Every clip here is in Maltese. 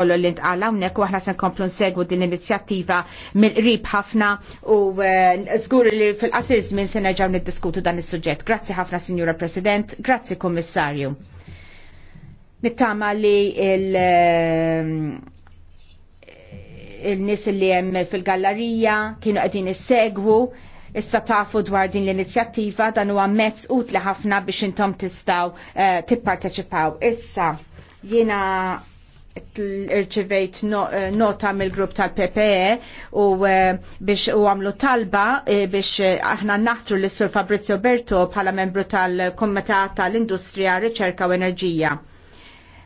kollu li ntqala unnek waħna se nkomplu nsegwu din l-inizjattiva mill-qrib ħafna u eh, żgur li fil-qasir żmien se nerġgħu niddiskutu dan is-suġġett. Grazzi ħafna Sinjura President, grazzi Kummissarju. Nittama li il- eh, il-nis li hemm fil-gallerija kienu qegħdin issegwu issa tafu dwar din l-inizjattiva dan huwa mezz utli ħafna biex intom tistgħu eh, tipparteċipaw. Issa jiena irċivejt eh, nota mill-grupp tal-PPE u eh, biex u għamlu talba eh, biex aħna naħtru l sur Fabrizio Berto bħala membru tal-Komitat tal-Industrija, Riċerka u Enerġija.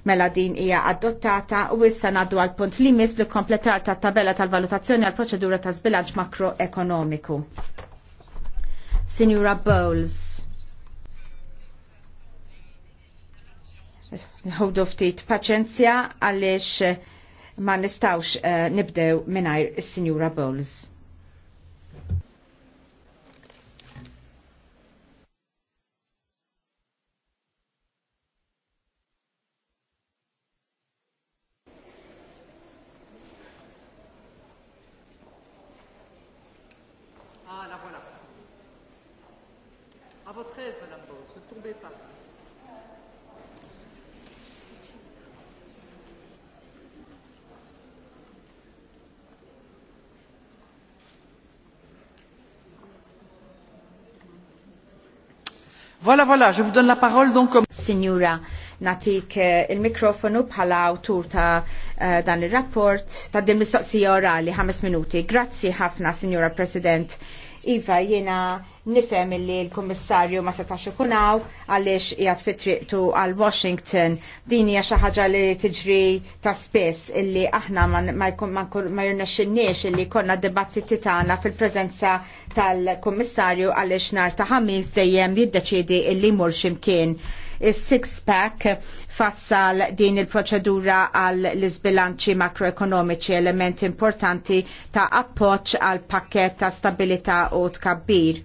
Mela din hija adottata u issa ngħaddu għal punt li mis li kompletar ta' tabella tal-valutazzjoni għal proċedura ta' zbilanċ makroekonomiku. Signora Bowles. Għawdu ftit paċenzja għaliex eh, ma nistawx eh, nibdew minnajr il sinjura Bowles. Ah, la voilà. À votre aise, Madame Bowles, ne tombez pas. Voilà, voilà, je vous donne la parole donc Signora, natik eh, il-mikrofonu bħala autur ta' eh, dan il-rapport ta' din mistoqsija orali ħames minuti. Grazzi ħafna, Signora President. Iva, jena nifhem li l-Kummissarju ma setax ikun hawn għaliex qiegħed fitriqtu għal Washington. Din hija xi ħaġa li tiġri ta' spess illi aħna ma jurnaxinniex illi konna debatti tagħna fil prezenza tal-Kummissarju għaliex nhar ta' ħamis dejjem jiddeċiedi illi jmur x'imkien. Is-six pack fassal din il-proċedura għal l-izbilanċi makroekonomiċi element importanti ta' appoċ għal pakket ta' stabilità u tkabbir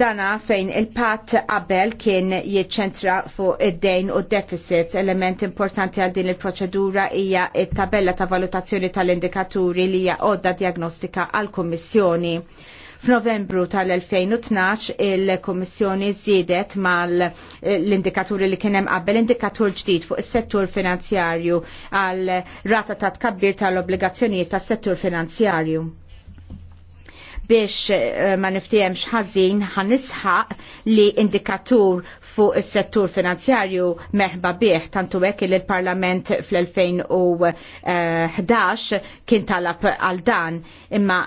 dana fejn il-pat qabel kien jiċċentra fuq id-dejn u d-deficits. Element importanti għal din il-proċedura hija it-tabella ta' valutazzjoni tal-indikaturi li hija għodda diagnostika għal-Kommissjoni. F'Novembru tal-2012 il-Kommissjoni żiedet mal l-indikaturi li kien hemm qabel indikatur ġdid fuq is-settur finanzjarju għal rata ta' tkabbir tal-obbligazzjonijiet tas-settur finanzjarju biex eh, ma niftijemx ħażin ħanisħaq li indikatur fuq is-settur finanzjarju meħba bih tantu hekk li l-Parlament fl-2011 kien talab għal dan imma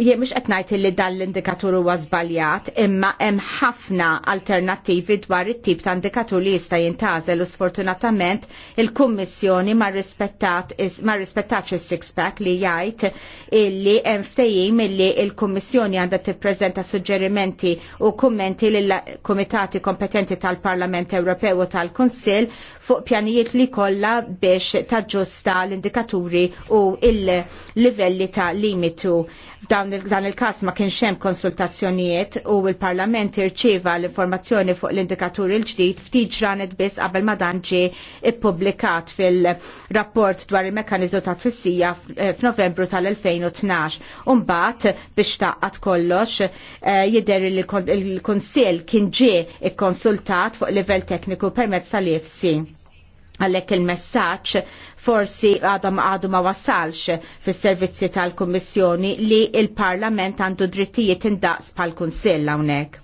jie mux etnajt li dan l-indikatur huwa żbaljat, imma hemm ħafna alternattivi dwar it-tip ta' indikatur li jista' jintażel u sfortunatament il-Kummissjoni ma rispettat is-six pack li jgħid illi hemm ftehim illi il-Kummissjoni għandha tippreżenta suġġerimenti u kummenti lil kumitati kompetenti tal-Parlament Ewropew u tal-Kunsill fuq pjanijiet li kollha biex taġġusta l-indikaturi u il-livelli ta' limitu dan il-kas ma kienx hemm konsultazzjonijiet u l-Parlament irċieva l-informazzjoni fuq l-indikatur il-ġdid ftit ġranet biss qabel ma dan ġie ippubblikat fil-rapport dwar il-mekkaniżmu ta' tfissija eh, f'Novembru tal-2012. mbagħad biex taqqat kollox eh, jidher li l-Kunsill kien ġie ikkonsultat fuq livell tekniku permezz tal ifc għalhekk il messaġġ forsi għadhom għadu ma wasalx fis servizzi tal kummissjoni li l parlament għandu drittijiet indaqs pal kunsill hawnhekk.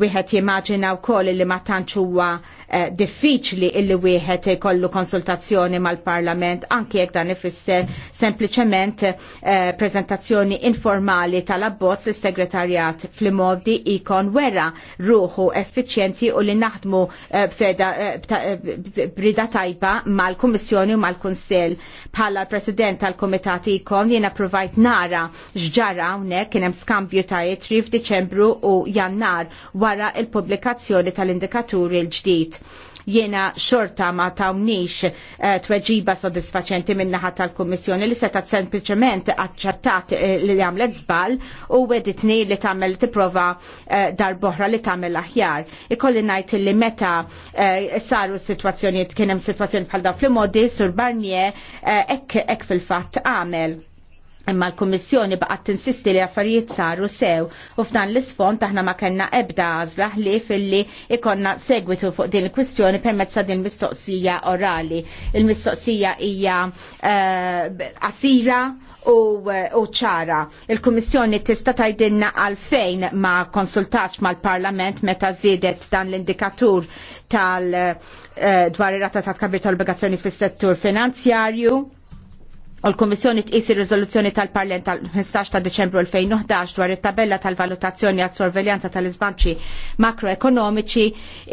Wieħed jimmaġina wkoll li ma tantx huwa Eh, diffiċli illi wieħed jkollu konsultazzjoni mal-Parlament anke jekk dan ifisser sempliċement eh, prezentazzjoni informali tal-abbozz lis segretarjat fl-modi ikon wera ruħu effiċjenti u li naħdmu eh, feda brida tajba mal-Kummissjoni u mal-Kunsell bħala President tal-Komitat ikon jiena provajt nara xġara hawnhekk kien hemm skambju ta' jitri f'Diċembru u Jannar wara il-pubblikazzjoni tal-indikaturi l-ġdid. Jiena xorta ma tawniex eh, tweġiba soddisfaċenti min-naħa tal-Kummissjoni li seta' sempliċement aċċettat eh, li għamlet żball u weditni li tagħmel tipprova eh, boħra li tagħmel aħjar. Ikolli ngħid li meta saru s-sitwazzjonijiet kien hemm sitwazzjoni bħal dawn fl-modi sur Barnier hekk fil-fatt għamel Imma l-Kommissjoni baqgħet tinsisti li affarijiet saru sew u f'dan l-isfond aħna ma kellna ebda għażla li illi ikonna segwitu fuq din il-kwistjoni permezz ta' din mistoqsija orali. Il-mistoqsija hija eh, qasira u ċara. Il-Kummissjoni tista' tgħidilna għalfejn ma konsultax mal-Parlament meta żiedet dan l-indikatur tal eh, dwar ir-rata ta' tkabir tal-obbligazzjoni fis-settur finanzjarju l-Kummissjoni tqis ir-riżoluzzjoni tal-Parlament tal-15 ta' Deċembru 2011 dwar it-tabella tal-valutazzjoni għas sorveljanza tal-iżbanċi makroekonomiċi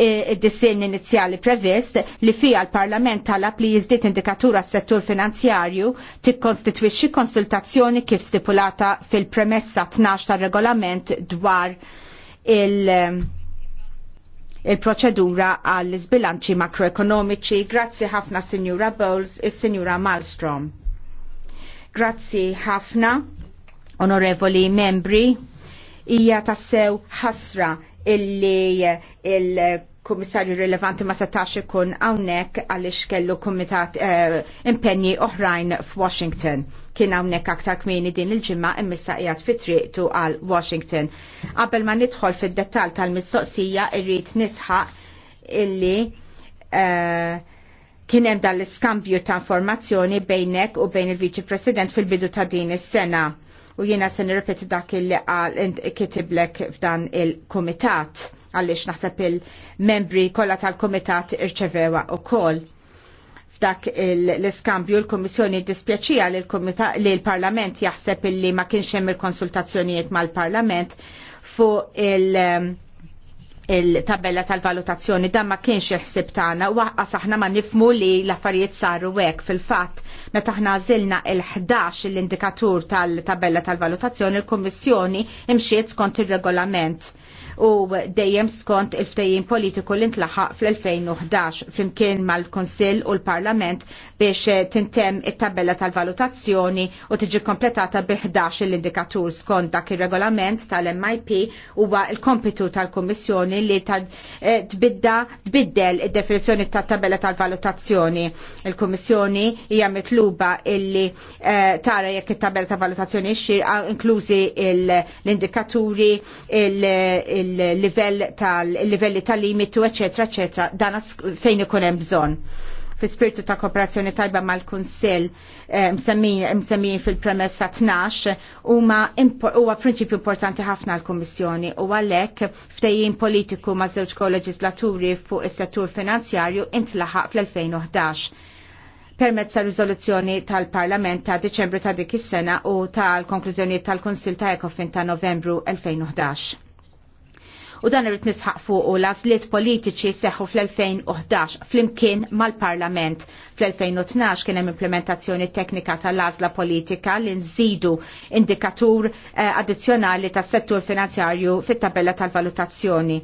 e, id-dissin inizjali previst li fija l-Parlament talab li jiżdied indikatura s-settur finanzjarju tikkostitwixxi konsultazzjoni kif stipulata fil-premessa 12 tar-regolament dwar il- il-proċedura għall-izbilanċi makroekonomiċi. Grazzi ħafna Sinjura Bowles is Sinjura Malmstrom. Grazzi ħafna, onorevoli membri, hija tassew ħasra illi il-Kummissarju rilevanti ma setax ikun hawnhekk għaliex kellu kumitat eh, impenji oħrajn f'Washington. Kien hawnhekk aktar kmieni din il-ġimgħa immissa qiegħed fit-triqtu għal Washington. Qabel ma nidħol fid-dettall tal-mistoqsija irrid nisħaq illi uh, Kien hemm dan l-iskambju ta' informazzjoni bejnek u bejn il-Viċi President fil-bidu ta' din is-sena. U jiena se nirrepeti dak il qal kitiblek f'dan il-Kumitat għaliex naħseb il-membri kollha tal-Kumitat irċevewa wkoll f'dak l-iskambju l kummissjoni dispjaċija li l-Parlament jaħseb illi ma kienx hemm il-konsultazzjonijiet mal-Parlament fuq il- il-tabella tal-valutazzjoni dan ma kienx il tagħna u aħna ma nifmu li l-affarijiet saru hekk fil-fatt meta aħna żilna il-11 l-indikatur tal-tabella tal-valutazzjoni il-Kummissjoni imxiet skont ir regolament u dejjem skont il-ftejjin politiku li ntlaħaq fl-2011 flimkien mal konsil u l-Parlament biex eh, tintem it-tabella tal-valutazzjoni u tiġi kompletata bi 11 l-indikatur skont dak il-regolament tal-MIP huwa il-kompitu tal-Kommissjoni li eh, tbidda tbiddel id-definizzjoni tat-tabella tal-valutazzjoni. Il-Kommissjoni hija mitluba illi eh, tara jekk it-tabella tal valutazzjoni xir inklużi l-indikaturi, il il level tal-livelli tal-limitu, eccetera, eccetera, dan fejn ikun hemm bżonn fi spiritu ta' kooperazzjoni tajba mal kunsill eh, msemmin fil-premessa 12 huma huwa prinċipju importanti ħafna l-Kummissjoni u għalhekk ftejjin politiku ma' żewġ koleġislaturi fuq is-settur finanzjarju intlaħaq fl-2011 permezz ta' riżoluzzjoni tal-Parlament ta' Deċembru ta' dik is-sena u tal-konklużjoni tal-Kunsil ta' Ekofin ta' Novembru 2011 u dan irrid nisħaq fuq u lażliet politiċi seħħu fl-2011 flimkien mal-Parlament. Fl-2012 kien hemm implementazzjoni teknika tal-għażla politika li nżidu indikatur eh, addizzjonali tas-settur finanzjarju fit-tabella tal-valutazzjoni.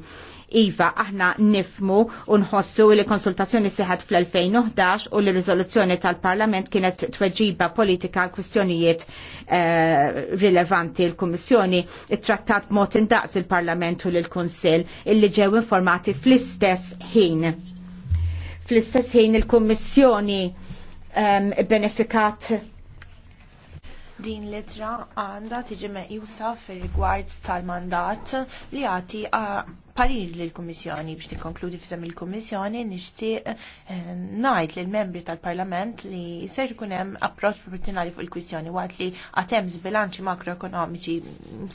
Iva, aħna nifmu u nħossu li konsultazzjoni seħat fl-2011 u li rizoluzzjoni tal-Parlament kienet tweġiba politika għal kwistjonijiet eh, rilevanti l-Kummissjoni trattat mod indaqs il-Parlament u l-Kunsil illi ġew informati fl-istess ħin. Fl-istess ħin il kommissjoni eh, benefikat din litra għanda tiġi meqjusa fil rigward tal-mandat li għati eh, parir lill-Kummissjoni biex nikkonkludi fisem il-Kummissjoni nixtieq eh, ngħid lill-membri tal-Parlament li ser ikun hemm approċċ proporzjonali fuq il-kwistjoni waqt li għad hemm bilanċi makroekonomiċi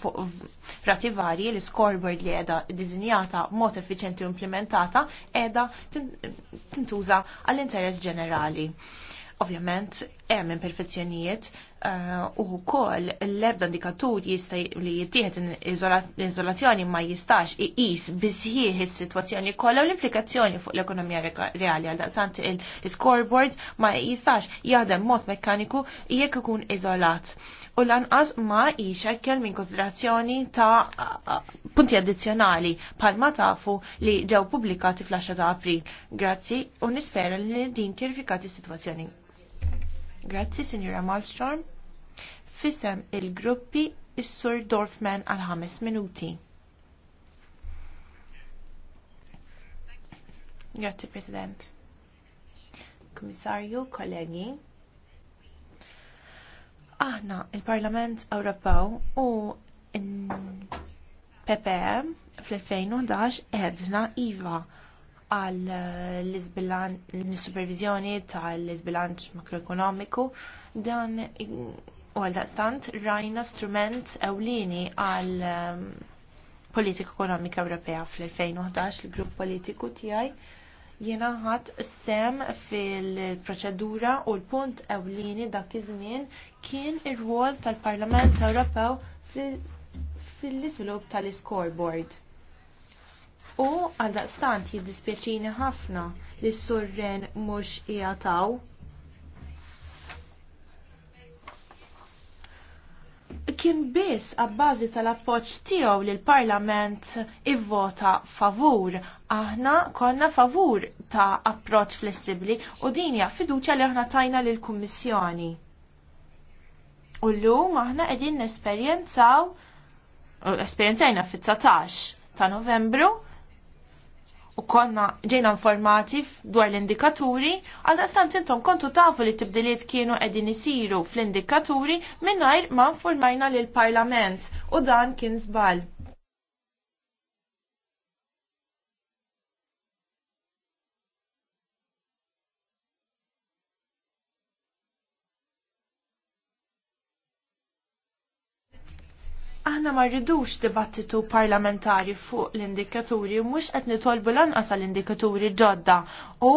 fuq rati varji li scoreboard li qiegħda diżinjata mod effiċjenti u implementata qiegħda tintuża għall-interess ġenerali. Ovvjament, hemm imperfezzjonijiet eh, u wkoll l-ebda indikatur jista' li jittieħed iżolazzjoni ma jistax iqis biżjieħ is-sitwazzjoni kollha u l-implikazzjoni fuq l-ekonomija reali għal daqsant il-scoreboard ma jistax jaħdem mod mekkaniku jekk ikun iżolat. U lanqas ma jixekkel minn konsiderazzjoni ta' punti addizzjonali palma tafu li ġew pubblikati fl-10 ta' April. Grazzi u nispera li din kjerifikati s-sitwazzjoni. Grazzi, Signora Malmstrom. Fisem il-gruppi is-Sur Dorfman għal ħames minuti. Grazzi, President. Komissarju, kollegi. Aħna, il-Parlament Ewropew u PPM fl-2011 edna IVA għal eh, l-supervizjoni tal-izbilanċ makroekonomiku dan u għal daqstant rajna strument ewlieni għal eh, politika ekonomika Ewropea fl-2011 il-grupp politiku tiegħi jena ħat sem fil-proċedura u l-punt ewlieni dak iż-żmien kien ir-rwol tal-Parlament Ewropew fil-islob tal-scoreboard. U għaldaqstant jiddispjaċini ħafna li s-surren mhux jgħataw. Kien biss għabbażi tal-appoġġ tiegħu li l-Parlament ivvota favur. Aħna konna favur ta' approċċ flessibbli u din hija fiduċja li aħna tajna lill kummissjoni U llum aħna qegħdin nesperjenzaw esperjenzajna fit-19 ta' Novembru u konna ġejna informati dwar l-indikaturi, għal stant intom kontu tafu li tibdiliet kienu edin isiru fl-indikaturi minnajr ma informajna l-parlament u dan kien zbal. aħna ma rridux dibattitu parlamentari fuq l-indikaturi, mhux qed nitolbu lanqas għall-indikaturi ġodda u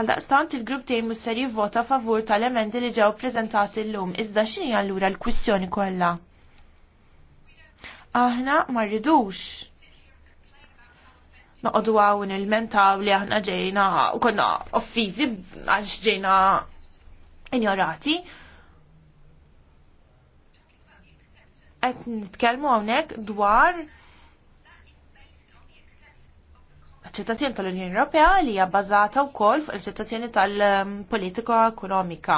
Għal daqstant il-grupp tiegħi musser jivvota favur tal-emendi li ġew preżentati llum, iżda x'inhi allura l-kwistjoni kollha? Aħna ma rridux noqogħdu hawn il-mentaw li aħna ġejna u konna offiżi għax ġejna injorati qed nitkellmu hawnhekk dwar ċittadin tal-Unjoni Ewropea li hija bbażata wkoll fuq il-ċittadini tal-politika ekonomika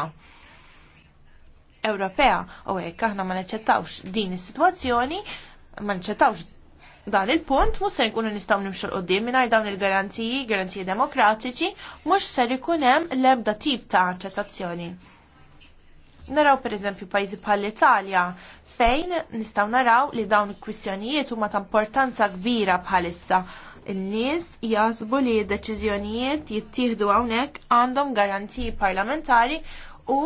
Ewropea. U hekk aħna ma naċċettawx din is-sitwazzjoni, ma naċċettawx dan il-punt, mhux se nkunu nistgħu nimxu l-qudiem mingħajr dawn il-garanziji, garanziji demokratiċi, mhux se ikun hemm l-ebda tip ta' aċċettazzjoni. Naraw per eżempju pajzi bħal italja fejn nistaw naraw li dawn il-kwistjonijiet huma ta' importanza kbira bħalissa. In-nies jasbu li d-deċiżjonijiet jittieħdu hawnhekk għandhom garanziji parlamentari u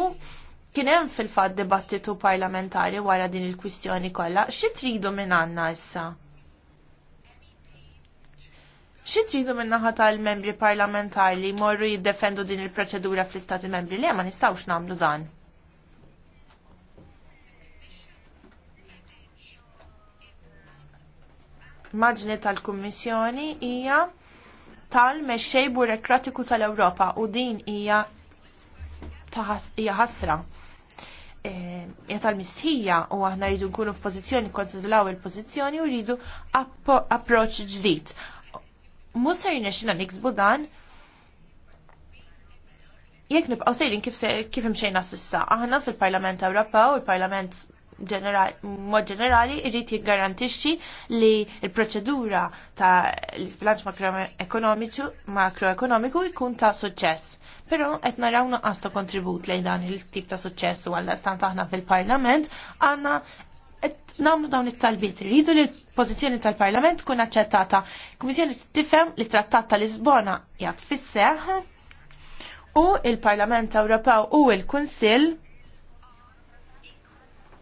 kien hemm fil-fatt dibattitu parlamentari wara din il-kwistjoni kollha. Xi tridu minn għandna issa? Xi tridu minn naħa tal-membri parlamentari li jmorru jiddefendu din il-proċedura fl-istati membri li ma nistgħux nagħmlu dan? maġni tal-Kummissjoni hija tal-mexxej burokratiku tal-Ewropa u din hija hija ħasra. E, hija tal-mistħija u aħna rridu nkunu f'pożizzjoni konsidlaw il-pożizzjoni u rridu approċċ ġdid. Mhux se jirnexxina niksbu dan jekk nibqgħu sejrin kif kif imxejna s'issa. Aħna fil-Parlament Ewropew u l-Parlament mod ġenerali irrid jiggarantixxi li l-proċedura ta' l bilanċ makroekonomiku jkun ta' suċċess. Però qed naraw nuqqas ta' kontribut lejn dan il-tip ta' suċċess u għalla stant aħna fil-Parlament għandna qed nagħmlu dawn it-talbiet irridu li l-pożizzjoni tal-Parlament tkun aċċettata. Kummissjoni tifhem li trattat ta' Lisbona jgħat fis-seħħ u il-Parlament Ewropew u l-Kunsill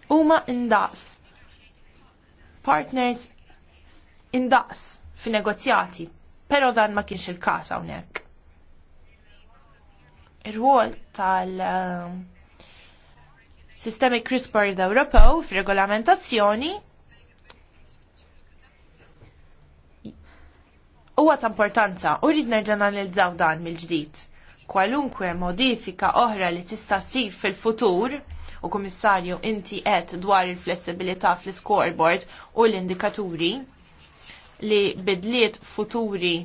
huma indaqs. Partners indaqs fi negozjati, pero dan ma kienx il-kas hawnhekk. Ir-rwol tal- ehm, sistemi CRISPR Ewropew f'regolamentazzjoni huwa ta' importanza u rrid nerġanalizzaw dan mill-ġdid. Kwalunkwe modifika oħra li tista' sir fil-futur u komissarju inti qed dwar il-flessibilità fl-scoreboard u l-indikaturi li bidliet futuri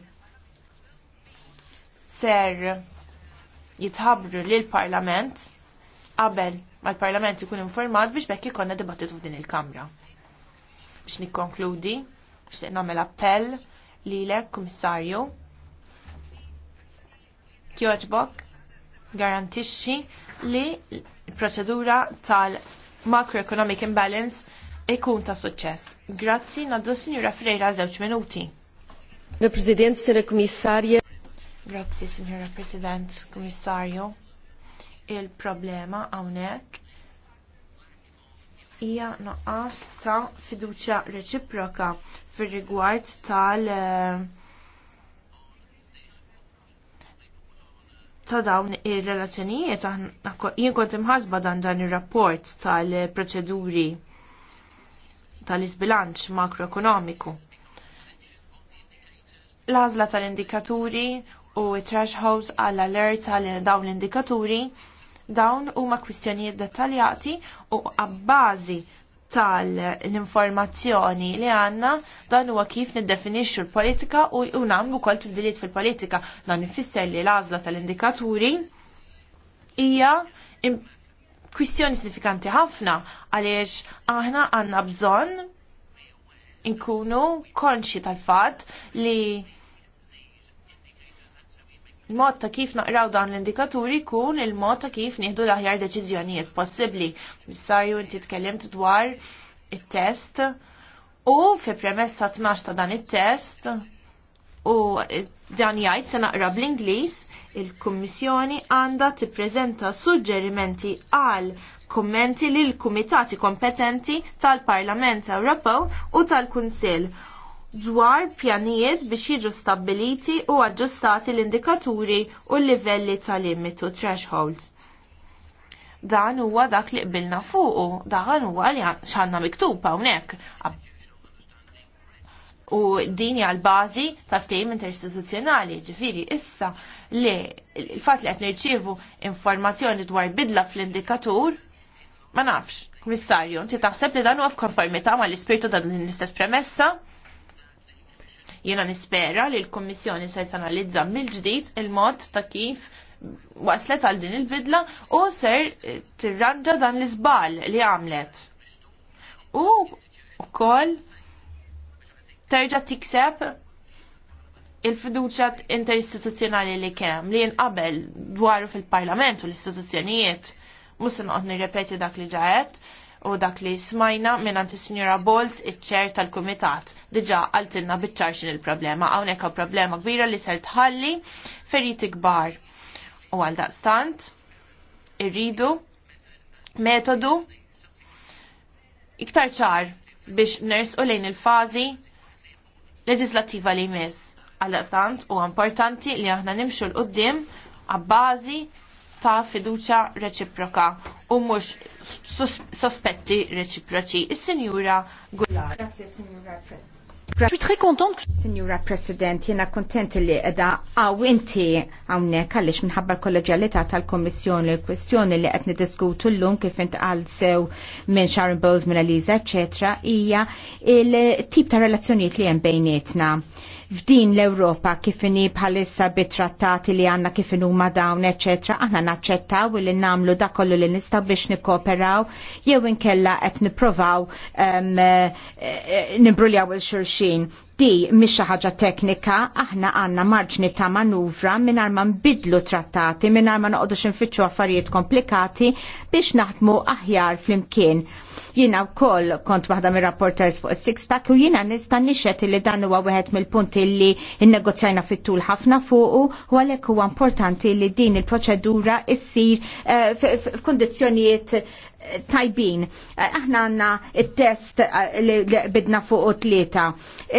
ser jitħabru lill-Parlament qabel ma l-Parlament ikun informat biex bekk ikonna dibattitu f'din il-Kamra. Biex nikkonkludi, biex nagħmel appell lilek, Kummissarju, kjoġbok garantixxi li il-proċedura tal-macroeconomic imbalance ikun ta' suċċess. Grazzi, naddu Signora Freira żewġ minuti. President, Signora Kummissarja. Grazzi, Signora President, Kummissarju. Il-problema hawnhekk hija naqas ta' fiduċja reċiproka fir-rigward tal- uh, ta' dawn ir-relazzjonijiet jien kont imħasba dan dan ir-rapport tal-proċeduri tal-isbilanċ makroekonomiku. L-għażla tal-indikaturi u thresholds għall alert għal dawn l-indikaturi dawn huma kwistjonijiet dettaljati u għabbażi tal-informazzjoni l li għanna dan huwa kif niddefinixxu l-politika u nagħmlu wkoll tibdiliet fil-politika dan ifisser li l-għażla tal-indikaturi hija kwistjoni sinifikanti ħafna għaliex aħna għandna bżonn inkunu konxi tal-fatt li il mod ta' kif naqraw dan l-indikaturi kun il-mod ta' kif nieħdu l-aħjar deċiżjonijiet possibbli. Sarju inti tkellimt dwar it-test u fi premessa 12 ta' dan it-test u dan jgħid se naqra bl-Ingliż il-Kummissjoni għandha tippreżenta suġġerimenti għal kummenti lil kumitati kompetenti tal-Parlament Ewropew u tal-Kunsill dwar pjanijiet biex jiġu stabbiliti u aġġustati l-indikaturi u l-livelli tal-limitu thresholds. Dan huwa dak li qbilna fuqu, dan huwa li xanna miktub hawnhekk. U din hija l-bażi ta' ftehim interistituzzjonali, ġifieri issa li l-fatt li qed nirċievu informazzjoni dwar bidla fl-indikatur ma nafx, komissarju, ti taħseb li dan huwa f'konformità mal-ispirtu ta' din l-istess premessa? Jiena nispera li l-Kummissjoni ser tanalizza mill-ġdid il-mod ta' kif waslet għal din il-bidla u ser eh, tirranġa dan l izbal li għamlet. U kol terġa' tikseb il fiduċat interistituzjonali li kemm li jinqabel dwaru fil-Parlament u l-istituzzjonijiet mhux se noqgħod nirrepeti dak li ġaet, u dak li smajna minnant il-Sinjora Bowles iċ-ċer tal-Kumitat. Diġa għaltinna bitċarxin il-problema, għawnek problema kbira li ser tħalli feriti kbar. U għal daqstant, irridu, metodu, iktar ċar biex ners u lejn il-fazi leġislativa li jmiss. Għal-daqstant u importanti li aħna nimxu l-qoddim għabbażi ta' fiduċa reċiproka u mhux sospetti reċiproċi. Is-Sinjura Gullar. Grazie, Sinjura President. Je suis très contente que... Signora President, jena kontent li edha għawinti għawnek għalix minħabba l tal-Kommissjoni l-kwestjoni li għetni diskutu l-lum kif int għal sew minn Sharon Bowles, minn Eliza, eccetera, hija il-tip ta' relazzjoniet li jen bejnietna f'din l-Ewropa kifini bħalissa bit-trattati li għanna kifinu ma dawn, eccetera, aħna naċċettaw li namlu da kollu li nistaw biex nikkooperaw, jew inkella qed niprovaw eh, eh, um, il-xurxin. Di mhix xi ħaġa teknika, aħna għandna marġni ta' manuvra mingħajr ma nbidlu trattati, mingħajr ma noqogħdux xinfittxu affarijiet komplikati biex naħdmu aħjar flimkien. Jiena wkoll kont waħda mir-rapporters fuq is-six-pack u jiena nista' nixet li dan huwa wieħed mill-punti li nnegozjajna fit-tul ħafna fuqu u għalhekk huwa importanti li din il-proċedura issir eh, f'kundizzjonijiet tajbin. Aħna għanna il-test eh, li bidna fuq tlieta.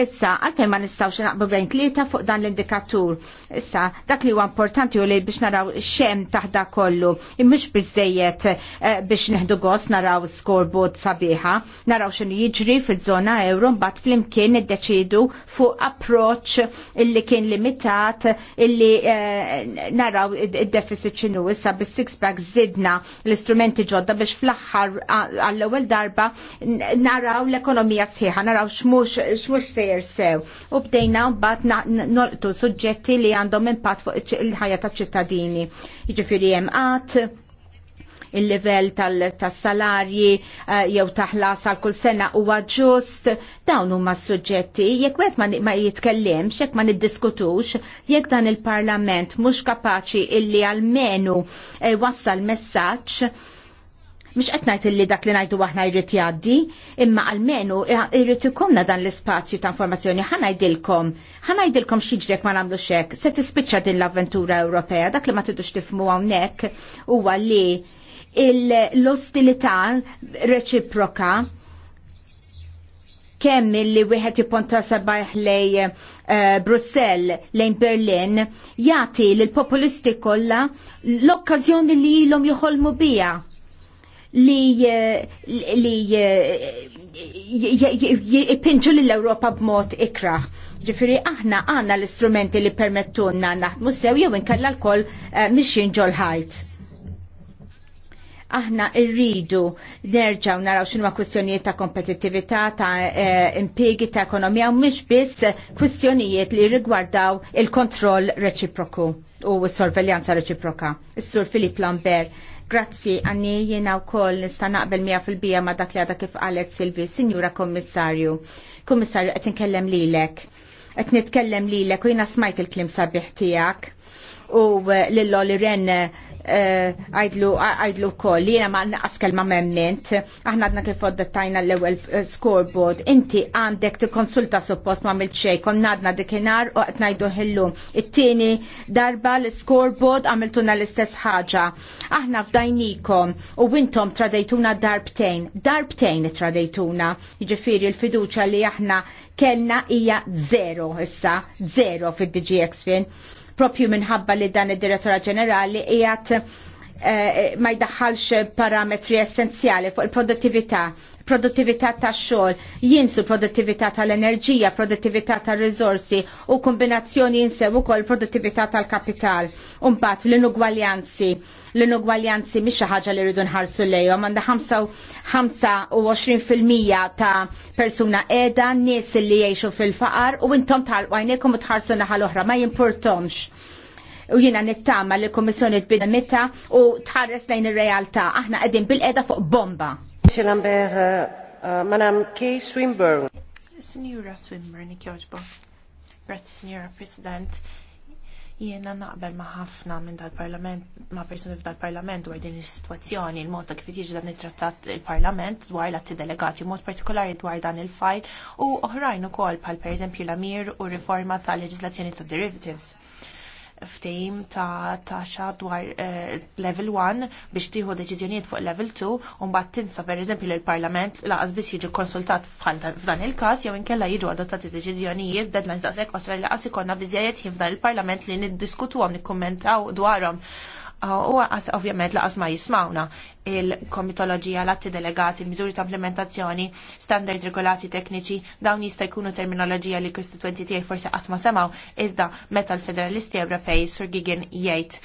Issa, għalfejn ma nistawx naqbu bejn tlieta fuq dan l-indikatur. Issa, dak li huwa importanti u li biex naraw xem taħda kollu. Mhux biżejjed eh, biex neħdu gost naraw scoreboard sabiħa, naraw xinu jiġri fiż-żona euro mbagħad flimkien iddeċidu fuq approach illi kien limitat illi eh, naraw id-deficit xinu. Issa bis-six pack zidna l-istrumenti ġodda biex fl fl-aħħar għall-ewwel darba naraw l-ekonomija sħiħa, naraw x'mhux sejjer sew. U bdejna mbagħad nolqtu suġġetti li għandhom impatt fuq il-ħajja taċ-ċittadini. Jiġifieri hemm qatt, il-level tal-salarji eh, jew taħlas għal kull sena huwa ġust, dawn huma s-suġġetti, jekk wieħed ma jitkellimx, jekk ma niddiskutux, jekk dan il-Parlament mhux kapaċi illi għalmenu eh, wassal messaġġ Mux ngħid illi dak li ngħidu aħna jrid jgħaddi, imma għalmenu jrid ikomna dan l-ispazju ta' informazzjoni ngħidilkom xi xieġrek ma nagħmlu xek, se tispiċċa din l-avventura Ewropea, dak li ma tidux tifmu hawnhekk huwa li l-ostilità reċiproka kemm li wieħed jipponta sabaħ lej eh, Brussell lejn Berlin jagħti lill populisti kollha l-okkażjoni li ilhom joħolmu biha li eh, li eh, jipinġu l-Europa b'mod ikra. Ġifiri, aħna għanna l-istrumenti li permettunna naħdmu sew jew inkella l-koll eh, mixin ħajt aħna irridu nerġaw naraw ma' kwistjonijiet ta' kompetittività, ta' impiegi, ta' ekonomija, u mhix biss kwistjonijiet li rigwardaw il-kontroll reċiproku u s-sorveljanza reċiproka. Is-sur Filip Lambert Grazzi, għanni jena u kol nista naqbel fil-bija ma dak li għada kif għalet Silvi, Signora Kommissarju. Kommissarju, għet nkellem lilek. Għet nitkellem lilek u jena smajt il-klim sabiħ tijak. U eh, l-loli Eh, għajdlu għajdlu koll, jena ma naqskel ma memment, aħna għadna kif tajna l-ewel eh, scoreboard, inti għandek t-konsulta suppost ma milċej, konna għadna dikinar u għatnajdu hillu. It-tini darba l-scoreboard għamiltuna l-istess ħaġa. Aħna f'dajnikom u wintom tradejtuna darbtejn, darbtejn tradejtuna, ġifiri l-fiduċa li aħna kellna hija zero issa, zero fid-DGX fin propju minħabba li dan id-direttora ġenerali qiegħed Eh, ma jdaħħalx parametri essenzjali fuq il-produttività, produttività tax xogħol, jinsu produttività tal-enerġija, produttività tal rizorsi u kombinazzjoni jinsew ukoll produttività tal-kapital. Umbagħad l-inugwaljanzi, l-inugwaljanzi mhix xi ħaġa li rridu nħarsu lejhom għandha 25% ta' persuna qiegħda nies li jgħixu fil-faqar u intom tal-għajnejkom u tħarsu naħa l-oħra ma jimpurtomx u jiena nittama li l komissjoni tbidda mitta u tħares lejn ir-realtà. Aħna qegħdin bil-qeda fuq bomba. Euh, euh, Madam K. Swinburne. Signora Swinburne, kjoġba. Grazzi, Signora President. Jiena naqbel ma' ħafna minn dal-parlament, ma' persuni f'dal-parlament dwar din is-sitwazzjoni, il-mod ta' kif jiġi dan it-trattat il-parlament dwar l-atti delegati, mod partikolari dwar dan il-fajl u oħrajn ukoll bħal pereżempju l-amir u riforma tal-leġislazzjoni ta' derivatives ftehim ta' taxxa dwar eh, level 1 biex tieħu deċiżjonijiet fuq level 2 u mbagħad tinsa pereżempju li l-Parlament laqas biss jiġi konsultat f'dan il-każ jew inkella jiġu adottati deċiżjonijiet deadlines daqshekk qosra li laqas ikollna biżejjed ħin f'dan il-Parlament li niddiskutuhom nikkummentaw dwarhom u għas ovvjament laqas ma jismawna il-komitologija l-atti delegati, il-mizuri ta' implementazzjoni, standard regolati tekniċi, dawn jista' jkunu terminoloġija li kostituenti tiegħi forsi qatt ma semgħu iżda meta l-Federalisti Ewropej Sur Gigin jgħid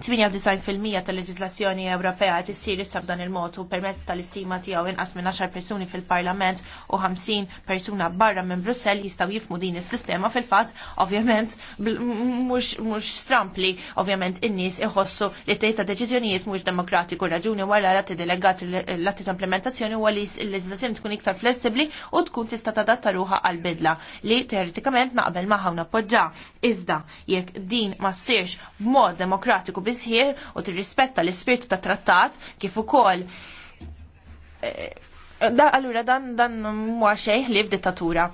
98% tal-leġislazzjoni Ewropea qed issir issa b'dan il-mod u permezz tal-istima tiegħu inqas minn 10 persuni fil-Parlament u 50 persuna barra minn Brussell jistgħu jifmu din is-sistema fil-fatt ovvjament mhux strampli ovvjament in-nies iħossu li tgħid ta' deċiżjonijiet mhux demokratiku raġuni wara l-atti delegat l-atti ta' implementazzjoni u li l-leġislazzjoni tkun iktar flessibbli u tkun tista' tadatta ruha għal bidla li teoretikament naqbel magħha u nappoġġa. Iżda jekk din ma ssirx b'mod demokratiku demokratiku u tirrispetta l-ispirtu ta' trattat kif ukoll eh, da, allura dan dan xejn li f'dittatura.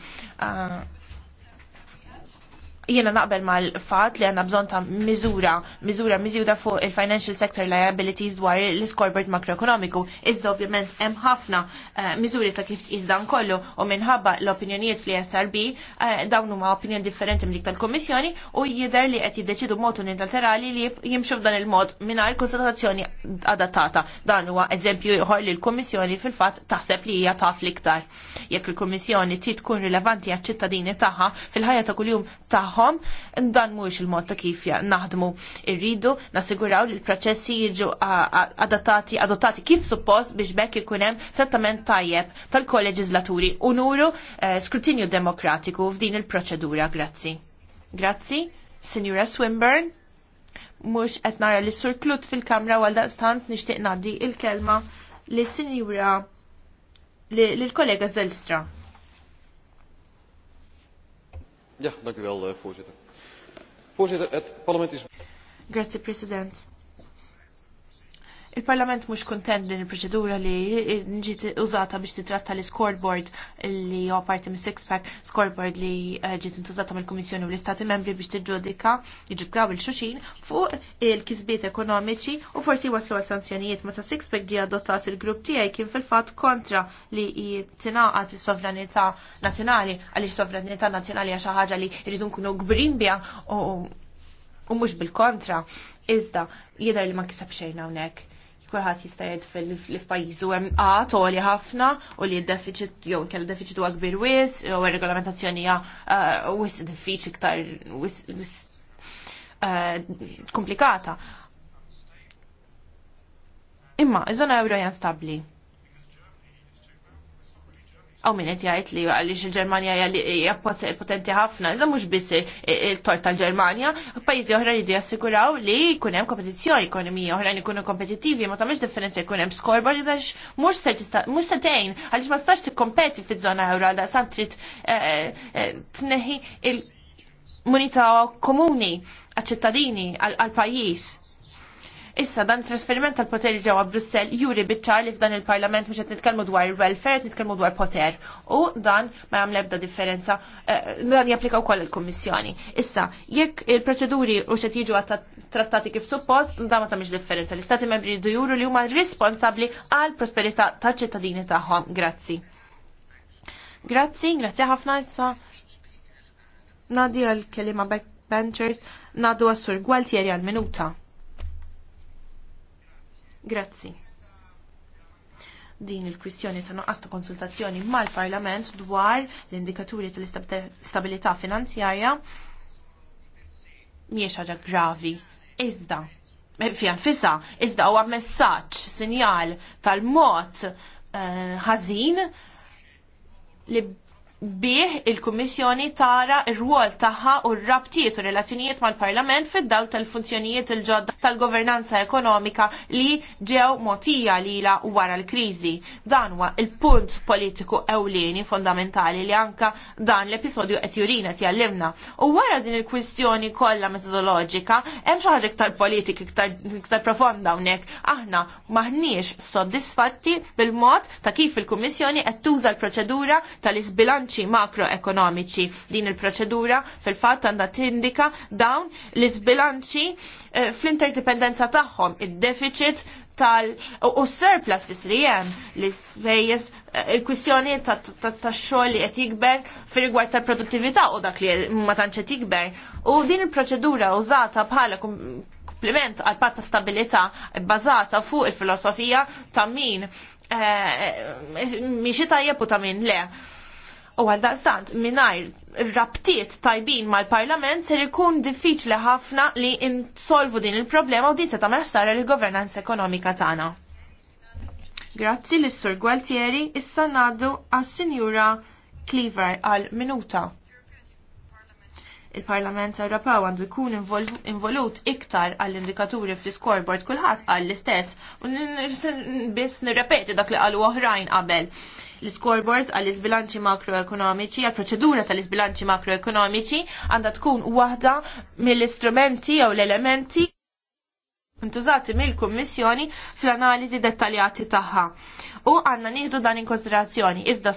Uh, jiena naqbel mal-fat li għanna bżon ta' miżura, miżura miżjuda fuq il-financial sector liabilities dwar l-scoreboard makroekonomiku. Iżda ovvjament hemm ħafna mizuri eh, miżuri ta' kif tqis dan kollu u minħabba l-opinjonijiet fl-SRB eh, dawn huma opinjoni differenti mdik tal-Kummissjoni u jidher li qed jiddeċidu mod unilaterali li jimxu f'dan il-mod mingħajr konsultazzjoni adattata. Dan huwa eżempju ieħor li l-Kummissjoni fil-fatt taħseb li hija taf l-iktar. Jekk il-Kummissjoni trid tkun rilevanti għaċ-ċittadini tagħha fil-ħajja ta' kuljum tagħha tagħhom, dan mhuwiex il-mod ta' kif naħdmu irridu nassiguraw li l-proċessi jiġu adattati adottati kif suppost biex bekk ikun hemm trattament tajjeb tal-kolleġislaturi u nuru eh, skrutinju demokratiku f'din il-proċedura. Grazzi. Grazzi, Signora Swinburne. Mhux qed nara li sur klut fil-kamra għal daqstant nixtieq ngħaddi il-kelma li sinjura li l-kollega Zelstra. Ja, dank u wel, eh, voorzitter. Voorzitter, het parlement is... Grazie, president. Il-Parlament mhux kontent din il-proċedura li nġiet użata biex titratta l scoreboard li huwa parti mis six pack scoreboard li eh, ġiet intużata mill-Kummissjoni u l-Istati Membri biex tiġġudika jiġġudkaw il-xuxin fuq il-kisbiet ekonomiċi u forsi waslu għal sanzjonijiet meta six pack ġie adottat il-grupp tiegħi kien fil-fatt kontra li jitingħaqad is-sovranità nazzjonali għaliex sovranità nazzjonali għaxa ħaġa li jridu nkunu gbrin bija u mhux bil-kontra. Iżda, jidher li ma kisab xejn hawnhekk kulħadd jista' jgħid fil-pajjiżu hemm qat li ħafna u li d-deficit jew kell deficit huwa kbir wis jew ir-regolamentazzjoni hija uh, wis diffiċli iktar wis uh, komplikata. Imma, iż-żona euro hija stabbli għaw minn qed jgħid li għaliex il-Ġermanja hija potenti ħafna, iżda mhux biss il-tort tal-Ġermanja, pajjiżi oħra jridu jassikuraw li jkun hemm kompetizzjoni ekonomija oħra jkunu kompetittivi, ma tagħmilx differenza jkun hemm skorba li dax mhux se mhux se tgħin għaliex ma stax tikkompeti fiż-żona ewra da san trid eh, eh, tneħħi il-munita komuni għal-ċittadini għal-pajjiż Issa dan trasferiment tal-poteri ġewwa Brussell juri biċċar li f'dan il-Parlament mhux qed nitkellmu dwar il-welfare, nitkellmu dwar poter. U dan ma jagħmel ebda differenza eh, dan japplika wkoll il-Kummissjoni. Issa, jekk il-proċeduri u xed jiġu trattati kif suppost, dan ma tagħmilx differenza. L-Istati membri jridu juru li huma responsabbli għal prosperità tal-ċittadini tagħhom. Grazzi. Grazzi, grazzi ħafna issa. Nadi għal-kelima benchers, nadu għas-sur Gualtieri għal-minuta. Grazzi. Din il-kwistjoni ta' noqqas ta' konsultazzjoni mal-Parlament dwar l-indikaturi tal-istabilità finanzjarja miex ħaġa gravi. Iżda, eh, fjan fissa, iżda huwa messaġġ sinjal tal-mod eh, ħażin uh, li bih il-Kummissjoni tara r ruol tagħha u r-rabtiet u relazzjonijiet mal-Parlament fid-dawl tal-funzjonijiet il-ġodda tal-governanza ekonomika li ġew motija lila wara l-kriżi. Dan huwa il-punt politiku ewlieni fondamentali li anka dan l-episodju qed jurina tjallimna. U wara din il-kwistjoni kollha metodoloġika hemm xi ħaġa iktar politik iktar profonda hawnhekk aħna maħniex soddisfatti bil-mod ta' kif il-Kummissjoni qed tuża l-proċedura tal-isbilanċ bilanċi makroekonomiċi. Din il-proċedura fil-fatt għandha tindika dawn l-isbilanċi eh, fl-interdipendenza tagħhom, id-deficit tal u surplus li jem li spejjes eh, il-kwistjoni ta' xogħol li qed jikber fir-rigward tal-produttività u dak li ma tantx qed jikber. U din il-proċedura użata bħala kumpliment għal patta stabilità bbażata fuq il-filosofija ta' min eh, miex tajjeb u ta' min le U għal daqstant, minnajr rabtiet tajbin mal-parlament ser ikun diffiċli ħafna li insolvu din il-problema u din se tagħmel ħsara lill governanza ekonomika tagħna. Grazzi lis sur Gualtieri, issa ngħaddu għas-Sinjura Cleaver għal minuta il-Parlament Ewropew għandu jkun involut iktar għall-indikaturi fl-scoreboard kulħadd għall-istess u biss nirrepeti dak li qalu oħrajn qabel. L-scoreboards għall-isbilanċi makroekonomiċi, għall-proċedura tal-isbilanċi makroekonomiċi għandha tkun waħda mill-istrumenti jew l-elementi intużati mill-Kummissjoni fl-analiżi dettaljati tagħha. U għandna nieħdu dan in konsiderazzjoni iżda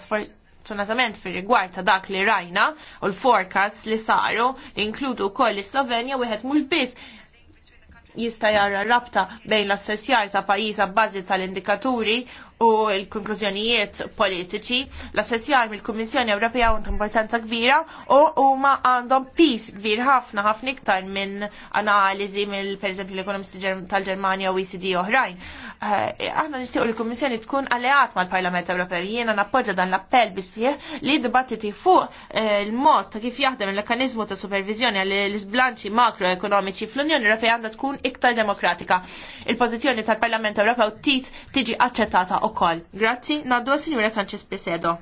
sfortunatament fir rigward ta' dak li rajna u l-forecast li saru li inkludu koll l-Slovenja wieħed mhux biss jista jara rabta bejn l-assessjar ta' pajjiż għabbazi tal-indikaturi u l-konklużjonijiet politiċi, l-assessjar mill-Kummissjoni Ewropea għand importanza kbira u huma għandhom pis kbir ħafna ħafna iktar minn analiżi mill pereżempju l-ekonomisti tal-Ġermanja u ECD oħrajn. Eh, aħna nixtiequ l-Kummissjoni tkun alleat mal-Parlament Ewropew. Jiena nappoġġa dan l-appell bisih li dibattiti fuq eh, il-mod ta' kif jaħdem il-mekkaniżmu ta' supervizjoni għall-isblanċi makroekonomiċi fl-Unjoni Ewropea għandha tkun iktar demokratika. Il-pożizzjoni tal-Parlament Ewropew tit tiġi aċċettata u ukoll. Grazzi, naddu Signora Sanchez Presedo.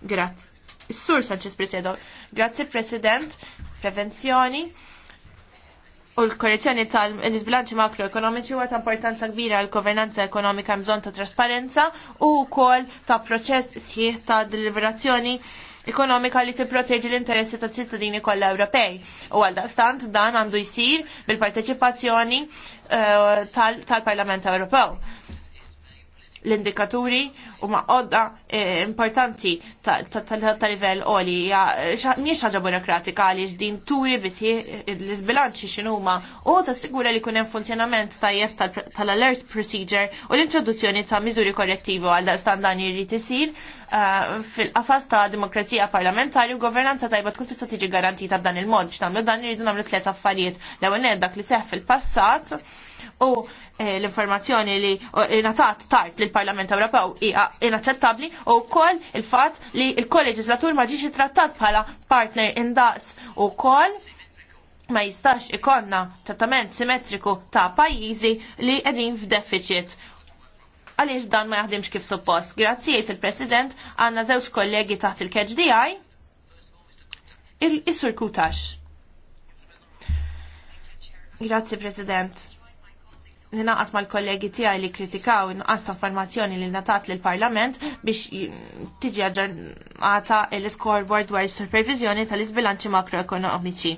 Grazzi. Sur Sanchez Presedo. Grazzi President, prevenzjoni. U l-korrezzjoni tal-disbilanċi makroekonomiċi huwa ta' importanza kbira għal governanza ekonomika bżonn ta' trasparenza u wkoll ta' proċess sħiħ ta' deliberazzjoni ekonomika li tipproteġi l-interessi ta' ċittadini kollha Ewropej. U għal stant dan għandu jsir bil-parteċipazzjoni eh, tal-Parlament Ewropew l-indikaturi u ma' odda Eh, importanti ta' livell oli eh, miex ħaġa burokratika għaliex din turi biss eh, l izbilanċi x'inhuma u sigura li jkun hemm funzjonament tajjeb tal-alert procedure u l-introduzzjoni ta' miżuri korrettivi għal daqstan dan jrid isir fil-qafas ta' demokrazija parlamentari u governanza tajba tkun tista' tiġi garantita b'dan il-mod x'nagħmlu dan irridu nagħmlu tliet affarijiet l-ewwel dak li seħħ fil-passat u l-informazzjoni li natat tard lill parlament Ewropew hija inaċċettabbli u koll il-fat li il-kolleġislatur ma ġiġi trattat bħala partner indaqs u koll ma jistax ikonna trattament simmetriku ta' pajjiżi li edin f'deficit għaliex dan ma jaħdimx kif suppost. Grazzijiet il-President għanna żewġ kollegi taħt il-KHDI il-Isur Kutax. Grazzi President naqat mal-kollegi tiegħi li kritikaw inqas informazzjoni li natat l parlament biex tiġi għata l-scoreboard dwar is-supervizjoni tal izbilanċi makroekonomiċi.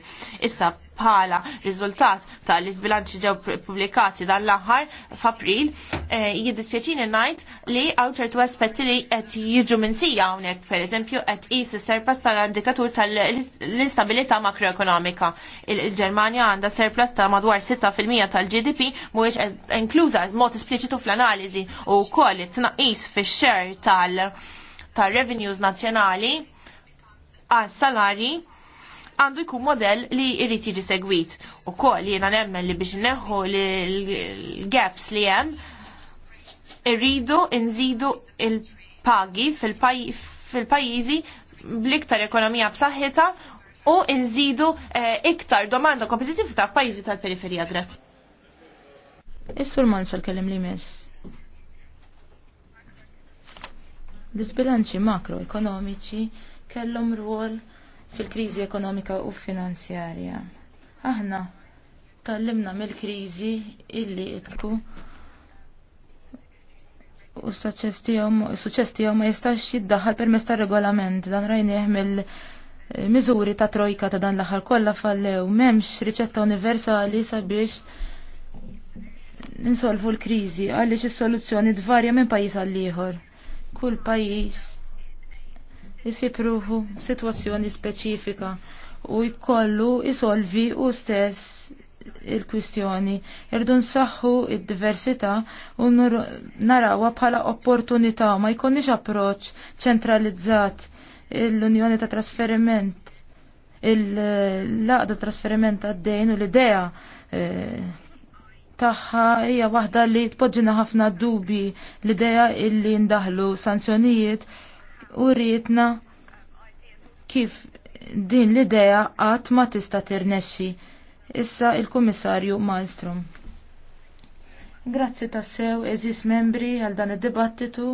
Issa bħala riżultat tal-izbilanċi ġew pubblikati dan l-aħħar f'April, eh, jiddispjaċini ngħid li hawn ċertu aspetti li qed jiġu minsija hawnhekk pereżempju qed qis is-surplus bħala indikatur tal-instabilità makroekonomika. Il-Ġermanja għandha surplus ta' madwar 6% tal-GDP mhuwiex inkluża mod espliċitu fl-analiżi u wkoll it-tnaqqis fix-xer tal- revenues nazzjonali għal salari għandu jkun modell li jrid jiġi segwit. U koll jiena nemmen li biex neħu l-gaps li hemm irridu nżidu il-pagi fil-pajjiżi bl-iktar ekonomija b'saħħitha u nżidu eh, iktar domanda ta' f'pajjiżi tal-periferija. Grazzi. Issu l Mansur kellim li mess. Disbilanċi makroekonomiċi kellhom rwol fil-kriżi ekonomika u finanzjarja. Aħna tallimna mill-kriżi illi itku u s suċċess tiegħu ma jistax jiddaħħal permezz tar-regolament dan rajnieh mill- eh, Miżuri ta' trojka ta' dan l-aħħar kollha fallew m'hemmx riċetta universali sabiex ninsolvu l-kriżi għaliex is-soluzzjoni d-varja minn pajjiż għal ieħor. Kull pajjiż jisib sitwazzjoni situazzjoni speċifika u jkollu jisolvi u stess il-kwistjoni. Irdu nsaħħu id-diversità u narawa bħala opportunità ma jkunniex approċ ċentralizzat l-Unjoni ta' Trasferiment il-laqda trasferiment għaddejn u l-idea eh, taħħa hija waħda li tpoġġina ħafna dubi l-idea illi ndaħlu sanzjonijiet u rietna kif din l-idea qatt ma tista' tirnexxi. Issa il-Kummissarju Malmstrom. Grazzi tassew, eżis membri għal dan id-dibattitu.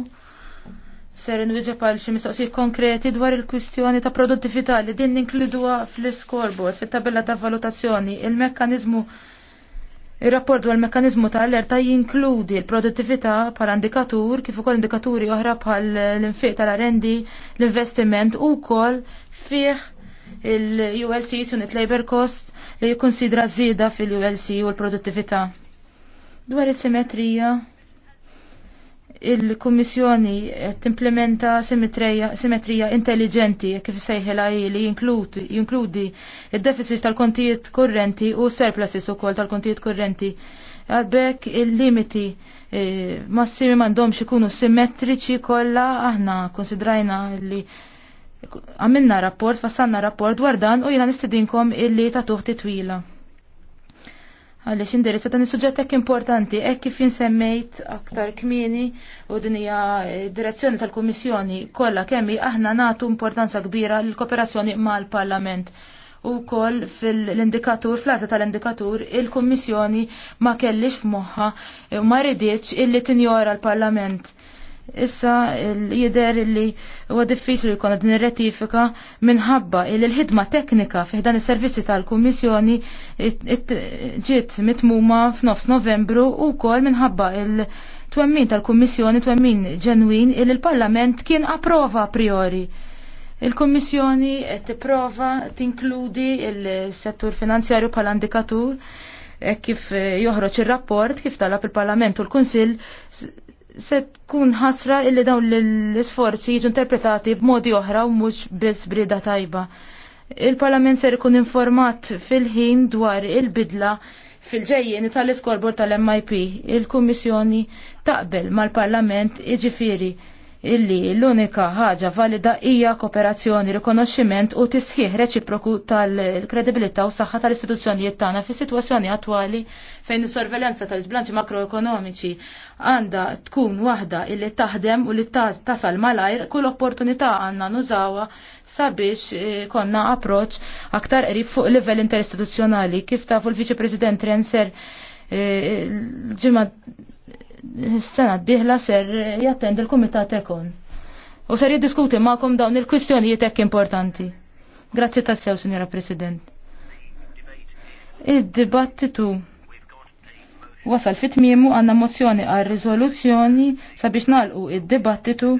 Ser inwiġeb għal xi mistoqsijiet konkreti dwar il-kwistjoni ta' produttività li din ninkluduha fl-scoreboard, fit-tabella ta' valutazzjoni, il-mekkaniżmu Ir-rapport dwar il-mekkanizmu ta' allerta jinkludi l-produttività bħala indikatur kif ukoll indikaturi oħra bħal l-infiq tal-arendi, l-investiment u wkoll fih il-ULC Unit Labor Cost li jikkonsidra żieda fil-ULC u l-produttività. Dwar is-simetrija il-Kummissjoni timplementa simetrija intelligenti kif sejħela li jinkludi il-deficit tal-kontijiet kurrenti u surpluses ukoll tal-kontijiet kurrenti. Għalbek il-limiti eh, massimi m'għandhomx ikunu simmetriċi kollha aħna konsidrajna li għamilna rapport, fassanna rapport dwar dan u jina nistidinkom illi ta' tuħti twila għaliex indirizza dan is-suġġett hekk importanti, hekk kif insemmejt aktar kmieni u din hija direzzjoni tal-Kummissjoni kollha kemm aħna nagħtu importanza kbira l kooperazzjoni mal-Parlament. U koll fil-indikatur, fl tal-indikatur, il komissjoni ma kellix f'moħħa ma ridiċ illi tinjora l-Parlament. Issa jider li huwa diffiċli jkun din ir-retifika minħabba li l-ħidma teknika fih dan is-servizzi tal-Kummissjoni ġiet mitmuma f'nofs Novembru u wkoll minħabba il twemmin tal-Kummissjoni twemmin ġenwin il il-Parlament kien approva a priori. Il-Kummissjoni qed tipprova tinkludi il-settur finanzjarju bħala indikatur e kif joħroġ ir-rapport kif talab il-Parlament u l-Kunsill se tkun ħasra illi dawn l-isforzi jiġu interpretati b'modi oħra u mhux biss brida tajba. Il-Parlament ser ikun informat fil-ħin dwar il-bidla fil-ġejjeni tal-iskorbor tal-MIP. Il-Kummissjoni taqbel mal-Parlament iġifieri illi l-unika ħaġa valida hija kooperazzjoni, rikonoxximent u tisħiħ reċiproku tal-kredibilità u saħħa tal-istituzzjonijiet tagħna fis-sitwazzjoni attwali fejn is-sorveljanza tal isblanċi makroekonomiċi għandha tkun waħda illi taħdem u li tasal malajr kull opportunità għandna nużawha sabiex eh, konna approċ aktar qrib fuq livell interistituzzjonali kif tafu l-Viċi President Renser eh, ġimma s-sena d-dihla ser jattend il-Kumitat Ekon. U ser jiddiskuti ma'kom dawn il-kwistjonijiet ekk importanti. Grazzi tas-sew, Signora President. Id-dibattitu wasal fit mimu għanna mozzjoni għal riżoluzzjoni sabiex nalqu id-dibattitu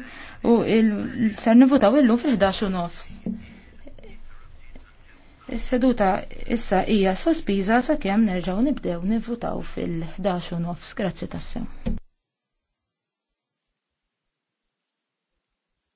u il-ser nivutaw illum fil-11 nofs. Is-seduta issa hija sospiża sakemm nerġgħu nibdew nivvutaw fil-11 nofs. Grazzi tassew.